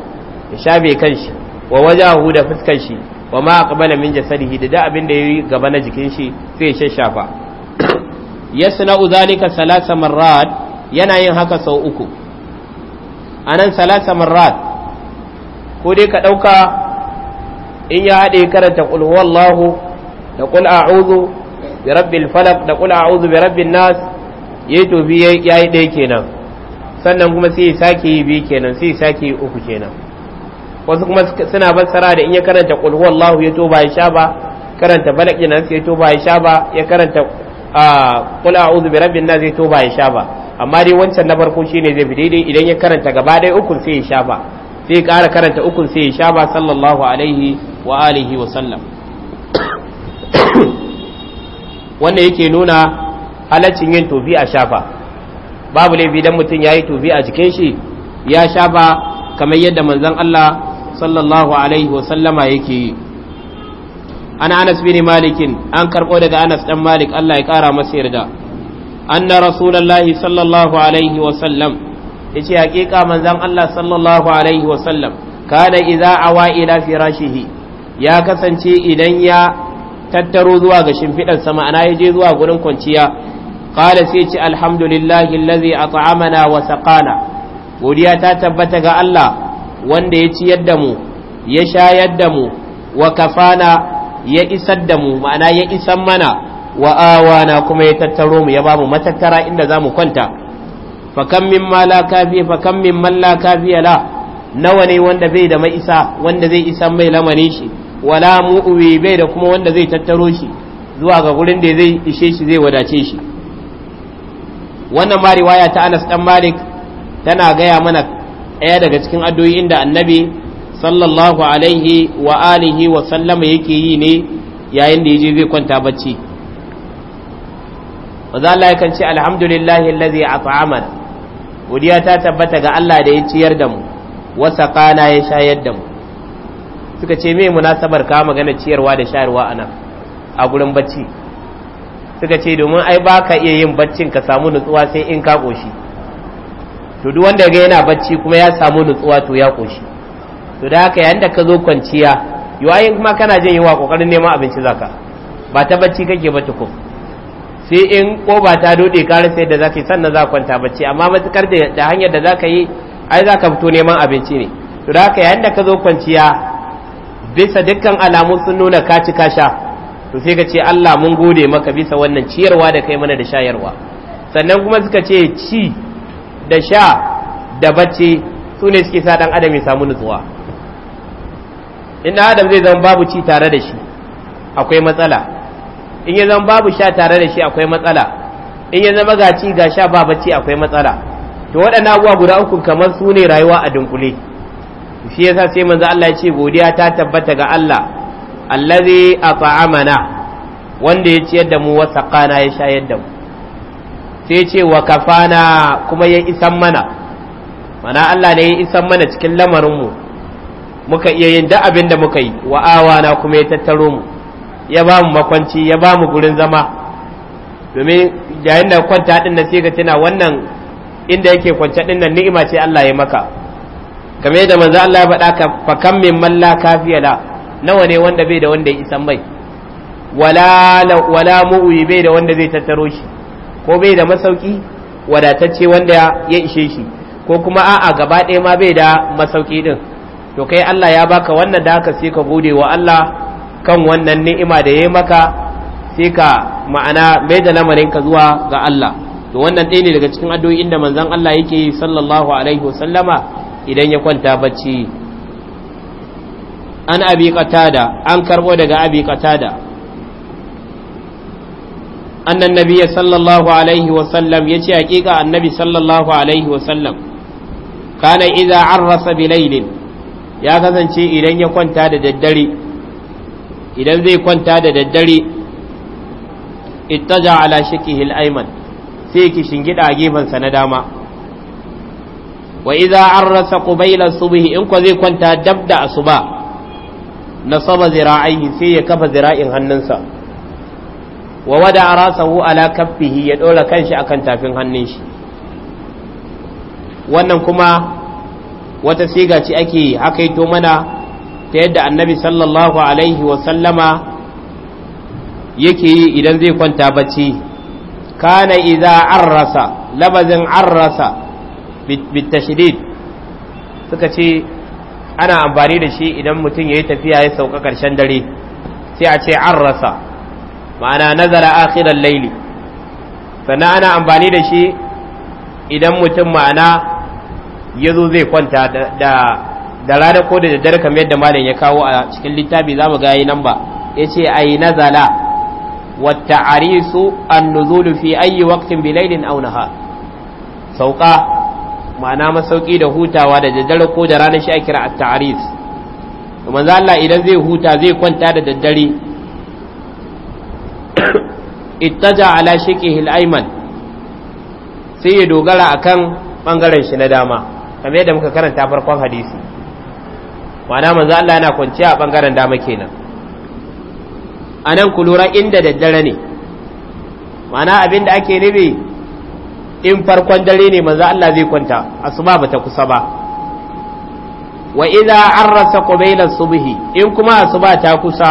ya shafe kanshi wa wajahu da fuskar shi wa ma aqbala min jasadihi da da abin da yayi gaba na jikin shi sai ya shafa yasna'u zalika salasa marrat yana yin haka sau uku a nan salasa marrat ko dai ka ɗauka in ya haɗe karanta qul huwallahu da qul a'udhu bi rabbil falaq da qul a'udhu bi rabbin nas yayi to bi yayi ɗaya kenan sannan kuma sai ya sake yi bi kenan sai ya sake yi uku kenan wasu kuma suna fassara da in ya karanta qul huwallahu ya to ba ya sha ba karanta falaq ya nan sai to ba ya sha ba ya karanta ah, qul a'udhu bi rabbin nas ya to ba ya sha ba amma dai wancan na farko shine zai fi daidai idan ya karanta gaba dai ukun sai ya shafa sai ya ƙara karanta ukun sai ya shafa sallallahu alaihi wa alihi wa sallam wanda yake nuna halaccin yin tofi a shafa babu laifi dan mutum ya yi tofi a jikin shi ya shafa kamar yadda manzon Allah sallallahu alaihi wa sallama yake yi ana anas bin malikin an karɓo daga anas dan malik Allah ya ƙara masa yarda anna rasulullahi sallallahu alaihi wa sallam yace hakika manzon Allah sallallahu alaihi wa sallam kana idza awa ila firashihi ya kasance idan ya tattaro zuwa ga shimfidan sa ma'ana je zuwa gurin kwanciya qala sai ci alhamdulillahi allazi at'amana wa saqana godiya ta tabbata ga Allah wanda ya ciyar da mu ya shayar da mu wa kafana ya isar da mu ma'ana ya isan mana wa awana kuma ya tattaro mu ya ba mu matattara inda za mu kwanta fakan min ma kafi fakan min man kafi la nawa ne wanda bai da mai isa wanda zai isa mai lamarin shi wala mu'uwi bai da kuma wanda zai tattaro shi zuwa ga gurin da zai ishe shi zai wadace shi wannan ma riwaya ta Anas dan Malik tana gaya mana ɗaya daga cikin addu'o'i inda annabi sallallahu alaihi wa alihi wa sallama yake yi ne yayin da yaje zai kwanta bacci manzo Allah ya ce alhamdulillahi allazi at'amana godiya ta tabbata ga Allah da ya ciyar da mu wasa kana ya shayar da mu suka ce me munasabar ka magana ciyarwa da shayarwa anan a gurin bacci suka ce domin ai baka iya yin baccin ka samu nutsuwa sai in ka koshi to duk wanda ga yana bacci kuma ya samu nutsuwa to ya koshi to da haka yayin da ka zo kwanciya yayin kuma kana jin yawa kokarin neman abinci zaka ba ta bacci kake ba tukun sai in koba ta dode ka rasa da zaka yi sannan za kwanta bacci amma matukar da hanyar da zaka yi ai zaka fito neman abinci ne to da haka yayin ka zo kwanciya bisa dukkan alamu sun nuna ka ci ka sha to sai ka ce Allah mun gode maka bisa wannan ciyarwa da kai mana da shayarwa sannan kuma suka ce ci da sha da bacci su ne suke sa dan adam ya samu nutsuwa in adam zai zama babu ci tare da shi akwai matsala in ya zama babu sha tare da shi akwai matsala in ya zama gaci ga sha ba bacci akwai matsala to waɗanda abubuwa guda uku kamar su ne rayuwa a dunkule shi yasa sai manzo Allah ya ce godiya ta tabbata ga Allah allazi at'amana wanda ya ciyar da mu wa saqana ya shayar da mu sai ya ce wa kafana kuma ya isan mana mana Allah ne ya isan mana cikin lamarin mu muka iya yin da abin da muka yi wa'awa na kuma ya tattaro mu ya ba mu makwanci ya ba mu gurin zama domin yayin da kwanta din nan sai ka tuna wannan inda yake kwance din nan ni'ima ce Allah ya maka kamar yadda manzo Allah ya faɗa ka fa kam min malla kafiya la nawa ne wanda bai da wanda ya isan mai wala wala mu'i bai da wanda zai tattaro shi ko bai da masauki wadatacce wanda ya ishe shi ko kuma a'a gaba ɗaya ma bai da masauki din to kai Allah ya baka wannan da haka sai ka gode wa Allah kan wannan ni'ima da yayi maka sai ka ma'ana mai da ka zuwa ga Allah to wannan ɗaya ne daga cikin addu'o'in da manzon Allah yake yi sallallahu alaihi wasallama idan ya kwanta bacci an abi qatada an karbo daga abi qatada annan nabi sallallahu alaihi wasallam yace hakika annabi sallallahu alaihi wasallam kana idza arrasa bilailin ya kasance idan ya kwanta da daddare idan zai kwanta da daddare ittaja ala shakihil ayman sai ki shingida a gefensa na dama wa idza arrasa qubayla subhi in ko zai kwanta dab da asuba nasaba zira'aihi sai ya kafa zira'in hannunsa wa wada rasahu ala kaffihi ya dora kanshi akan tafin hannun shi wannan kuma wata siga ce ake hakaito mana ta yadda annabi sallallahu alaihi wasallama yake yi idan zai kwanta bacci kana iza arrasa labazin arrasa bitashdid suka ce ana amfani da shi idan mutum ya yi tafiya ya sauka karshen dare sai a ce arrasa ma'ana nazara akhirar laili sannan ana amfani da shi idan mutum ma'ana yazo zai kwanta da da rana ko da daddare kamar yadda malam ya kawo a cikin littafi zamu ga yayi nan ba yace ay nazala wa ta'risu an nuzulu fi ayi waqtin bi laylin aw sauka ma'ana masauki da hutawa da daddare ko da rana shi ake kira at-ta'ris manzo Allah idan zai huta zai kwanta da daddare ittaja ala shi al-ayman sai ya dogara a kan bangaren shi na dama kamar yadda muka karanta farkon hadisi wana manzo Allah yana kwanciya a bangaren dama kenan anan ku lura inda daddare ne abin da ake nufi in farkon dare ne manzo Allah zai kwanta asuba bata kusa ba wa idza arrasa qabila subhi in kuma asuba ta kusa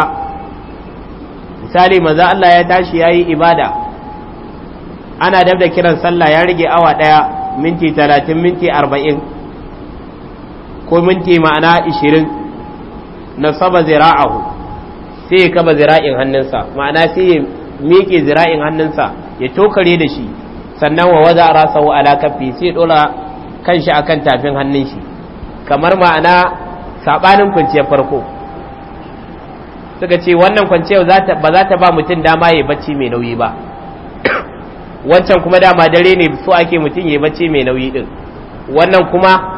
misali manzo Allah ya tashi yayi ibada ana dabda kiran sallah ya rage awa daya minti 30 minti arba'in. ko minti ma'ana ishirin na saba zira'ahu sai ya kaba zira'in hannunsa ma'ana sai ya miƙe zira'in hannunsa ya tokare da shi sannan wa waza rasahu ala alakafi sai dora kanshi akan tafin hannun shi kamar ma'ana sabanin kwanciyar farko suka ce wannan kwanciyar ba za ta ba mutum dama ya bacci mai nauyi ba wancan kuma dama dare ne so ake mutum ya bacci mai nauyi din wannan kuma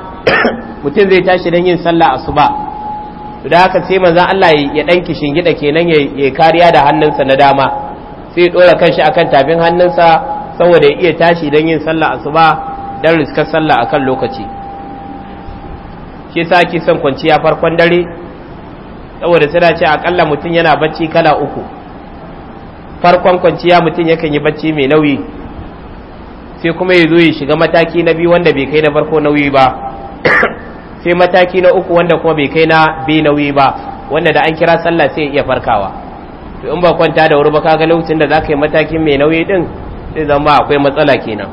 mutum zai tashi don yin sallah asuba da haka sai manzan Allah ya ɗan gida kenan ya kariya da hannunsa na dama sai ɗora kanshi akan tafin hannunsa saboda ya iya tashi don yin sallah asuba don riskar sallah akan lokaci shi sa ake son kwanciya farkon dare saboda suna ce akalla mutum yana bacci kala uku farkon kwanciya mutum yakan yi bacci mai nauyi sai kuma ya zo ya shiga mataki na biyu wanda bai kai na farko nauyi ba sai mataki na uku wanda kuma bai kai na bi nauyi ba wanda da an kira sallah sai iya farkawa to in ba kwanta da wuri ba ka kaga lokacin da zaka yi matakin mai nauyi din sai zama akwai matsala kenan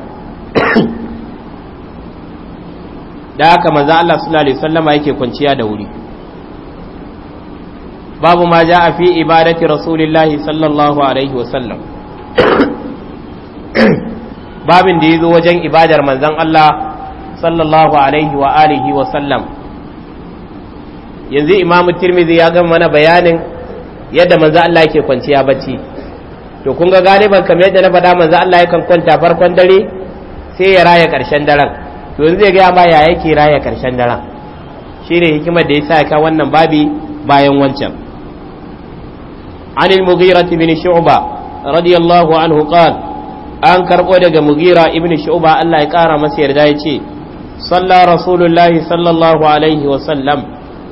da haka manzo Allah sallallahu alaihi wasallama yake kwanciya da wuri babu ma jaa fi ibadati rasulillahi sallallahu alaihi wasallam babin da yazo wajen ibadar manzon Allah sallallahu alaihi wa alihi wa sallam yanzu imamu tirmidhi ya gama mana bayanin yadda manzo Allah yake kwanciya bacci to kun ga galiban kamar yadda na faɗa manzo Allah yakan kwanta farkon dare sai ya raya ƙarshen daren to yanzu ya ga ba ya yake raya ƙarshen daren shine hikimar da yasa ka wannan babi bayan wancan عن المغيرة بن شعبة رضي الله عنه قال an karɓo daga mugira ibn shu'ba Allah ya ƙara masa yarda ya salla rasulullahi sallallahu alaihi wasallam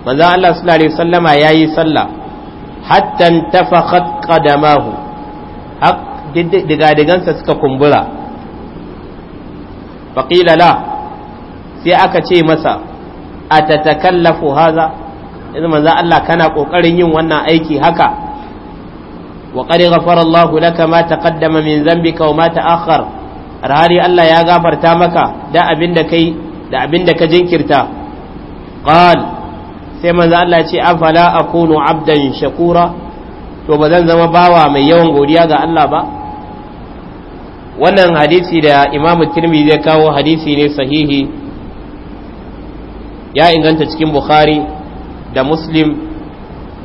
manzo Allah sallallahu alaihi wasallama yi sallah hatta tafakhat qadamahu hak digadigansa suka kumbura faqila la sai aka ce masa a atatakallafu haza yanzu manzo Allah kana ƙoƙarin yin wannan aiki haka wa qad ghafara Allahu laka ma taqaddama min dhanbika wa ma ta'akhkhar har Allah ya gafarta maka da abin da kai da abin da ka jinkirta qal sai manzo Allah ce afala akunu abdan shakura to ba zan zama bawa mai yawan godiya ga Allah ba wannan hadisi da imamu Tirmidhi zai kawo hadisi ne sahihi ya inganta cikin Bukhari da Muslim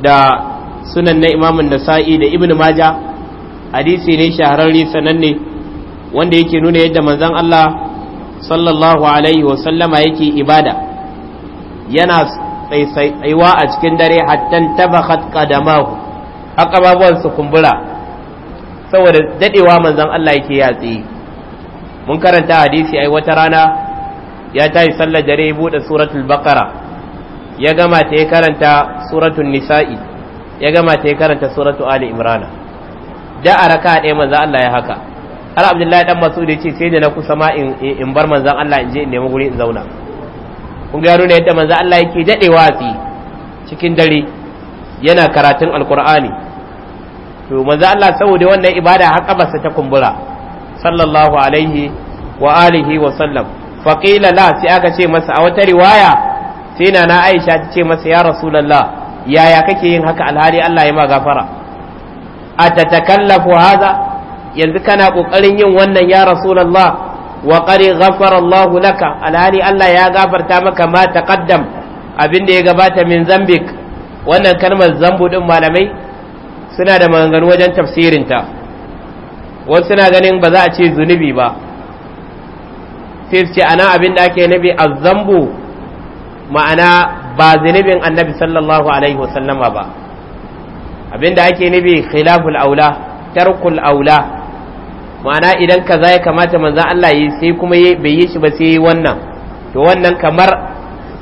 da sunan na imamu Nasa'i da ibnu Maja hadisi ne shahararri sananne wanda yake nuna yadda manzon Allah sallallahu alaihi wasallama yake ibada yana tsaiwa a cikin dare hattan tabakhat qadamahu akababuwan su kumbura saboda dadewa manzon Allah yake tsaye. mun karanta hadisi ai wata rana ya tayi sallar dare bude suratul baqara ya gama ta karanta suratul nisa'i ya gama ta karanta suratul ali imrana da araka ɗaya manzon Allah ya haka har abdullahi dan masud ya ce sai da na kusa ma in bar manzon Allah in je in nemi guri in zauna kun ga ne yadda manzon Allah yake dade watsi cikin dare yana karatun alqur'ani to manzon Allah saboda wannan ibada har kabarsa ta kumbura sallallahu alaihi wa alihi wa sallam faqila la sai aka ce masa a wata riwaya sai Nana Aisha ta ce masa ya rasulullah yaya kake yin haka alhali Allah ya ma gafara atakallafu hadha yanzu kana kokarin yin wannan ya rasulullah wa qad ghafara naka laka alhali Allah ya gafarta maka ma taqaddam abinda ya gabata min zambik wannan kalmar zambu din malamai suna da maganganu wajen tafsirin ta wasu suna ganin ba za a ce zunubi ba sai su ce ana abinda ake nabi azzambu ma'ana ba zunubin annabi sallallahu alaihi wasallama ba abinda ake nufi khilaful aula tarkul aula ma'ana idan kaza ya kamata manzan Allah yi sai kuma bai yi shi ba sai yi wannan to wannan kamar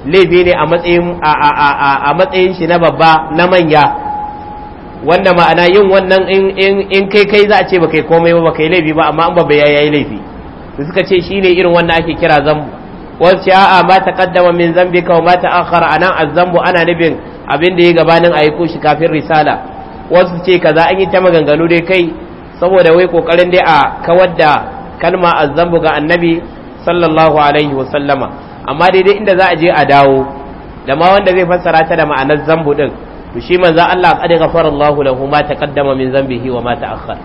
laifi ne a matsayin a matsayin shi na babba na manya wannan ma'ana yin wannan in kai kai za a ce ba kai komai ba kai laifi ba amma an babba ya yi laifi su suka ce shine irin wannan ake kira zambu wasu a'a ma kaddama min zambika wa ma ta'akhkhara anan a zambu ana nabin abin da ya gabanin aiko shi kafin risala wasu ce kaza an yi ta maganganu dai kai saboda wai kokarin dai a kawar da kalma azzambu ga annabi sallallahu alaihi wasallama amma daidai inda za a je a dawo da ma wanda zai fassara ta da ma'anar zambu din to shi manzo Allah qad ghafara Allahu lahu ma taqaddama min zambihi wa ma ta'akhkhar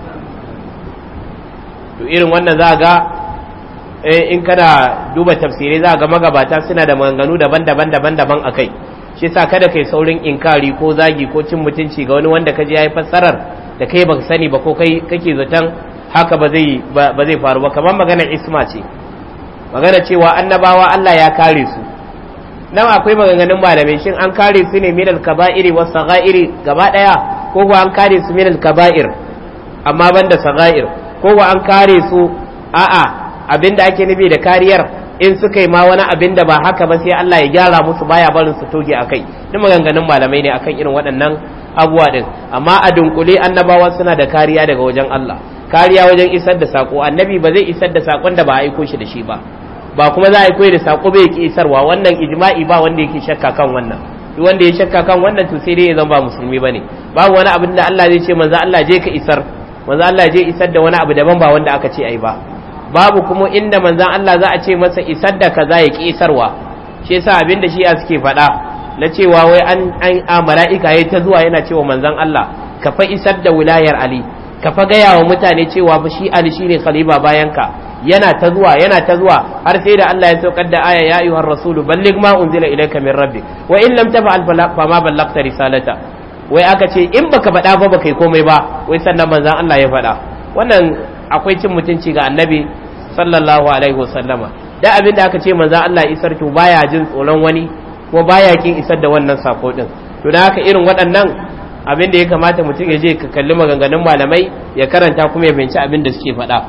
to irin wannan za ga eh, in kana duba tafsirai za ga magabata suna da maganganu daban-daban daban-daban akai shi yasa kada kai saurin inkari ko zagi ko cin mutunci ga wani wanda ya yayi fassarar da kai baka sani ba ko kai kake zaton haka ba zai ba zai faru ba kamar magana isma ce magana cewa annabawa Allah ya kare su nan akwai maganganun malamai shin an kare su ne minal kaba'iri was saghairi gaba daya ko an kare su minal kaba'ir amma banda saghair ko kuwa an kare su a'a abinda ake nufi da kariyar in suka yi ma wani abin da ba haka ba sai Allah ya gyara musu baya barin su toge akai duk maganganun malamai ne akan irin waɗannan abuwa din amma a dunkule annabawa suna da kariya daga wajen Allah kariya wajen isar da sako annabi ba zai isar da sakon da ba a aiko shi da shi ba ba kuma za a aiko da sako bai ki isarwa wannan ijma'i ba wanda yake shakka kan wannan duk wanda ya shakka kan wannan to sai dai ya zama ba musulmi bane babu wani abin da Allah zai ce manzo Allah je ka isar manzo Allah je isar da wani abu daban ba wanda aka ce ai ba babu kuma inda manzo Allah za a ce masa isar da kaza ya ki isarwa shi yasa abin da shi suke faɗa na cewa wai an an mala'ika ta zuwa yana cewa manzon Allah ka fa isar da wilayar Ali ka fa gaya wa mutane cewa ba shi Ali shine khalifa bayan ka yana ta zuwa yana ta zuwa har sai da Allah ya saukar da aya ya ayyuhar rasulu balligh ma unzila ilayka min rabbik wa in lam taf'al fama ballaghta risalata wai aka ce in baka faɗa ba baka yi komai ba wai sannan manzon Allah ya faɗa wannan akwai cin mutunci ga annabi sallallahu alaihi wasallama da abin da aka ce manzon Allah isar to baya jin tsoron wani ko baya kin isar da wannan sako din to da haka irin waɗannan abin da ya kamata mutum ya je ka kalli maganganun malamai ya karanta kuma ya binci abin da suke faɗa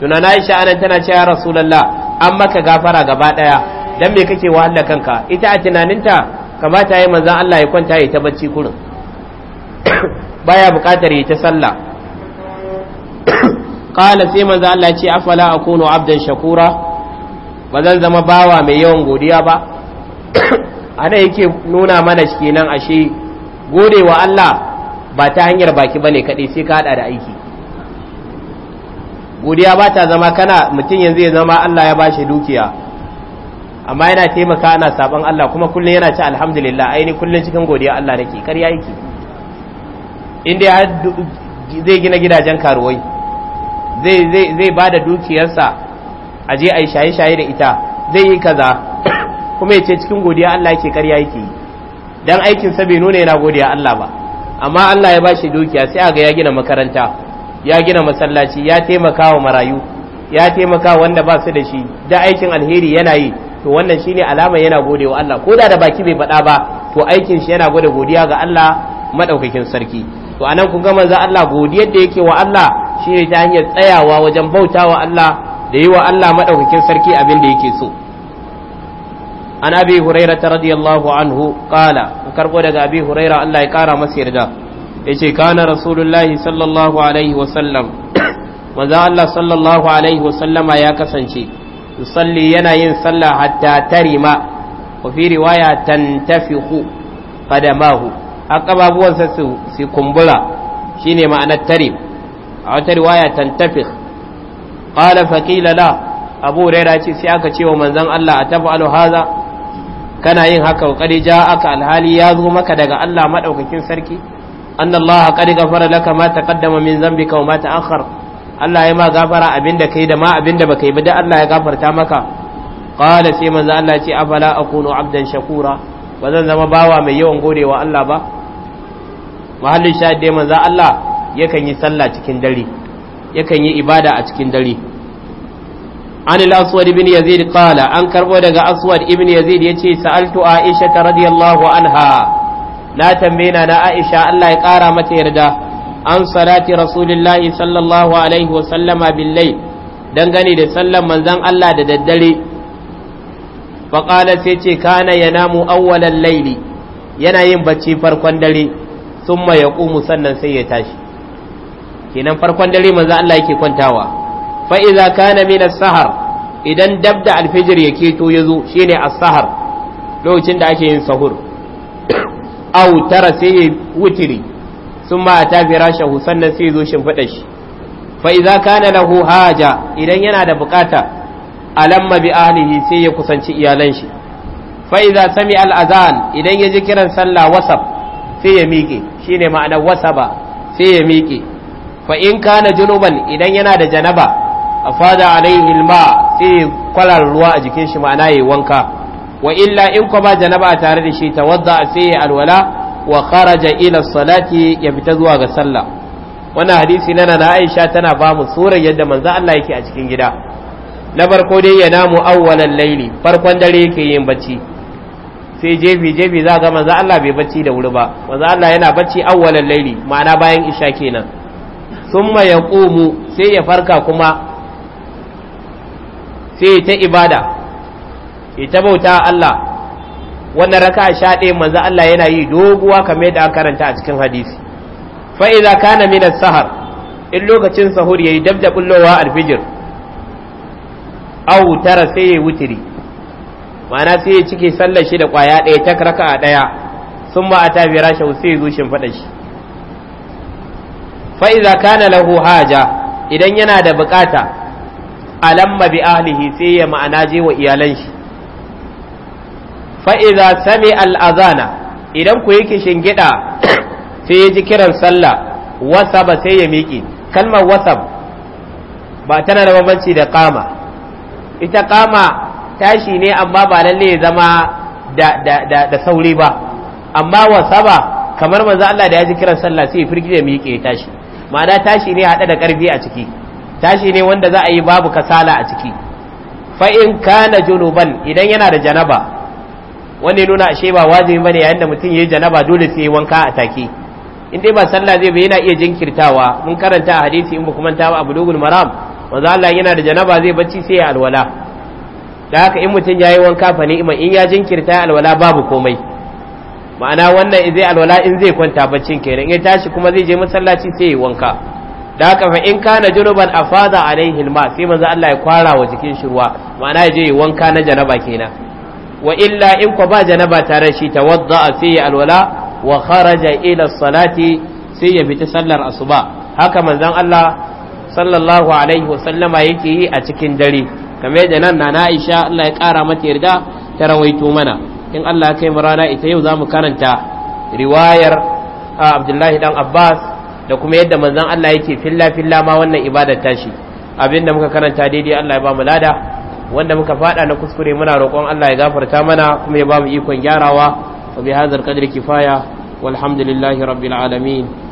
tuna na Aisha anan tana cewa Rasulullah an maka gafara gaba daya dan me kake wahala kanka ita a tunaninta kamata yayi manzon Allah ya kwanta ya ta bacci kurin baya buƙatar ya ta sallah Kala sai manzon Allah ya ce afala akunu abdan shakura ba zan zama bawa mai yawan godiya ba ana yake nuna mana kenan ashe gode wa Allah ba ta hanyar baki bane kadai sai ka hada da aiki godiya ba ta zama kana mutum yanzu ya zama Allah ya bashi dukiya amma yana taimaka ana saban Allah kuma kullum yana ci alhamdulillah aini kullum cikin godiya Allah nake ya yake inda ya zai gina gidajen karuwai zai ba da dukiyarsa aje je a yi shaye-shaye da ita zai yi kaza kuma ya ce cikin godiya Allah yake karya yake yi dan aikin sa bai nuna yana godiya Allah ba amma Allah ya bashi dukiya sai aga ya gina makaranta ya gina masallaci ya taimaka wa marayu ya taimaka wanda ba su da shi da aikin alheri yana yi to wannan shine alama yana gode wa Allah ko da da baki bai faɗa ba to aikin shi yana gode godiya ga Allah madaukakin sarki to anan kun ga manzo Allah godiyar da yake wa Allah shine ta hanyar tsayawa wajen bautawa Allah da yi wa Allah madaukakin sarki abin da yake so an abi huraira ta radiyallahu anhu kala an karbo daga abi huraira Allah ya kara masa yarda Ya yace kana rasulullahi sallallahu alaihi wa sallam manzo Allah sallallahu alaihi wa sallama ya kasance yusalli yana yin sallah hatta tarima wa fi riwaya tantafihu qadamahu akababuwansa su su kumbura shine ma'anar tarim a wata riwaya tantafih qala faqila la abu huraira ce sai aka ce wa manzon Allah a tafalu haza kana yin haka kokari ja aka alhali ya zo maka daga Allah madaukakin sarki annallaha qad gafara laka ma taqaddama min zambika wa ma ta'akhkhar Allah ya ma gafara abinda kai da ma abinda baka yi ba da Allah ya gafarta maka qala sai manzo Allah ya ce afala akunu abdan shakura ba zan zama bawa mai yawan godewa Allah ba mahallin shahid dai manzo Allah yakan yi sallah cikin dare yakan yi ibada a cikin dare an al-aswad bin yazid qala an karɓo daga aswad ibn yazid yace sa'altu aisha radiyallahu anha na tambayina na aisha Allah ya kara mata yarda an salati rasulillahi sallallahu alaihi wa sallama billail dangane da sallan manzon Allah da daddare fa qala sai ce kana yanamu awalan laili. yana yin bacci farkon dare summa yaqumu sannan sai ya tashi kenan farkon dare manzon Allah yake kwantawa fa idza kana min as-sahar idan dabda alfijir ya keto yazo shine as-sahar lokacin da ake yin sahur aw tara sai wutiri sun ma ta firashahu sannan sai zo fada shi fa idza kana lahu haja idan yana da bukata alamma bi ahlihi sai ya kusanci iyalan shi fa idza sami al azan idan ya ji kiran sallah wasab sai ya miƙe shine ma'anar wasaba sai ya miƙe fa in kana junuban idan yana da janaba A fada alaihi ilma sai kwalar ruwa a jikin shi ma'ana yayi wanka wa illa in ko ba janaba tare da shi ta tawadda sai ya alwala wa kharaja ila salati ya fita zuwa ga sallah wannan hadisi na na Aisha tana ba mu surar yadda manzo Allah yake a cikin gida na farko dai ya namu awwalan laili farkon dare yake yin bacci sai jefi jefi za ga manzo Allah bai bacci da wuri ba manzo Allah yana bacci awwalan laili ma'ana bayan isha kenan summa yaqumu sai ya farka kuma sai ta ibada ita bauta Allah wannan raka sha ɗaya manzo Allah yana yi doguwa kamar da aka karanta a cikin hadisi Fa'iza idza kana min as-sahar in lokacin sahur yayi dabda bullowa al alfijir au tara sai ya wutiri ma'ana sai ya cike sallar shi da kwaya ɗaya ta raka a ɗaya sun ba a tafi rasha sai ya zo shimfiɗa shi fa'iza kana lahu haja idan yana da bukata alamma bi ahlihi sai ya ma'ana je wa iyalan shi fa'iza sami al'azana idan ku yake shingida sai ya ji kiran sallah wasaba sai ya miƙe kalmar wasab ba tana da bambanci da kama ita kama tashi ne amma ba lalle ya zama da sauri ba amma wasaba kamar manzo Allah da ya ji kiran sallah sai ya firgide miƙe tashi ma'ana tashi ne haɗe da ƙarfi a ciki tashi ne wanda za a yi babu kasala a ciki fa in kana junuban idan yana da janaba wanda nuna ashe ba wajibi bane yayin da mutum yayi janaba dole sai yi wanka a take in dai ba sallah zai ba yana iya jinkirtawa mun karanta a hadisi in kuma ta ba bulugul maram manzo Allah yana da janaba zai bacci sai ya alwala da haka in mutum yayi wanka fa ni'ima in ya jinkirta ya alwala babu komai ma'ana wannan zai alwala in zai kwanta baccin kenan in ya tashi kuma zai je masallaci sai ya yi wanka da haka fa in kana junuban afada alaihi alma sai manzo Allah ya kwara wa jikin shi ruwa ma'ana ya je wanka na janaba kenan wa illa in ko ba janaba tare shi tawadda sai alwala wa kharaja ila salati sai ya fita sallar asuba haka manzon Allah sallallahu alaihi wasallama yake yi a cikin dare kamar da nan na Aisha Allah ya kara mata yarda ta rawaito mana in Allah ya kai mu rana ita yau zamu karanta riwayar Abdullahi dan Abbas da kuma yadda manzon Allah yake filla filla ma wannan ibadar tashi abinda muka karanta daidai Allah ya ba mu lada wanda muka fada na kuskure muna roƙon Allah ya gafarta mana kuma ya ba mu ikon gyarawa wa bi hadzal qadri kifaya walhamdulillahi rabbil alamin